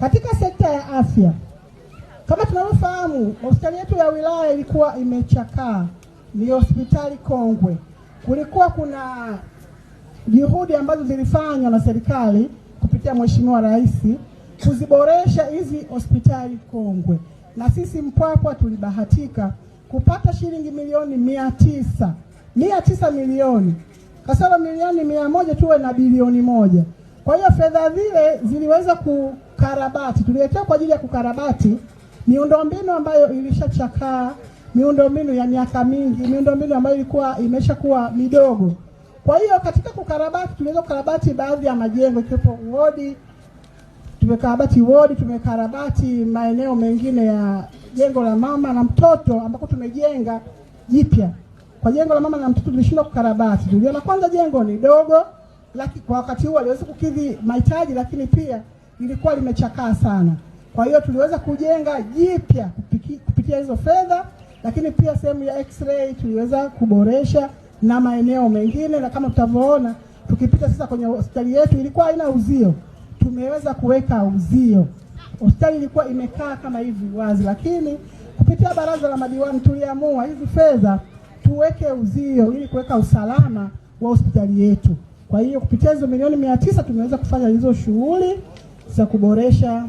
Katika sekta ya afya, kama tunavyofahamu, hospitali yetu ya wilaya ilikuwa imechakaa, ni hospitali kongwe. Kulikuwa kuna juhudi ambazo zilifanywa na serikali kupitia Mheshimiwa Rais kuziboresha hizi hospitali kongwe, na sisi Mpwapwa tulibahatika kupata shilingi milioni mia tisa mia tisa milioni kasoro milioni mia moja tuwe na bilioni moja. Kwa hiyo fedha zile ziliweza ku kukarabati, tuliwekea kwa ajili ya kukarabati miundombinu ambayo ilishachakaa, miundombinu ya miaka mingi, miundombinu ambayo ilikuwa imeshakuwa midogo. Kwa hiyo katika kukarabati, tuliweza kukarabati baadhi ya majengo ikiwepo wodi, tumekarabati wodi, tumekarabati maeneo mengine ya jengo la mama na mtoto ambako tumejenga jipya. Kwa jengo la mama na mtoto tulishindwa kukarabati, tuliona kwanza jengo ni dogo, lakini kwa wakati huo aliweza kukidhi mahitaji, lakini pia lilikuwa limechakaa sana. Kwa hiyo tuliweza kujenga jipya kupitia hizo fedha, lakini pia sehemu ya x-ray tuliweza kuboresha na maeneo mengine, na kama tutavyoona tukipita sasa kwenye hospitali yetu, ilikuwa haina uzio, tumeweza kuweka uzio. Hospitali ilikuwa imekaa kama hivi wazi, lakini kupitia baraza la madiwani tuliamua hizi fedha tuweke uzio ili kuweka usalama wa hospitali yetu. Kwa hiyo kupitia hizo milioni mia tisa tumeweza kufanya hizo shughuli za kuboresha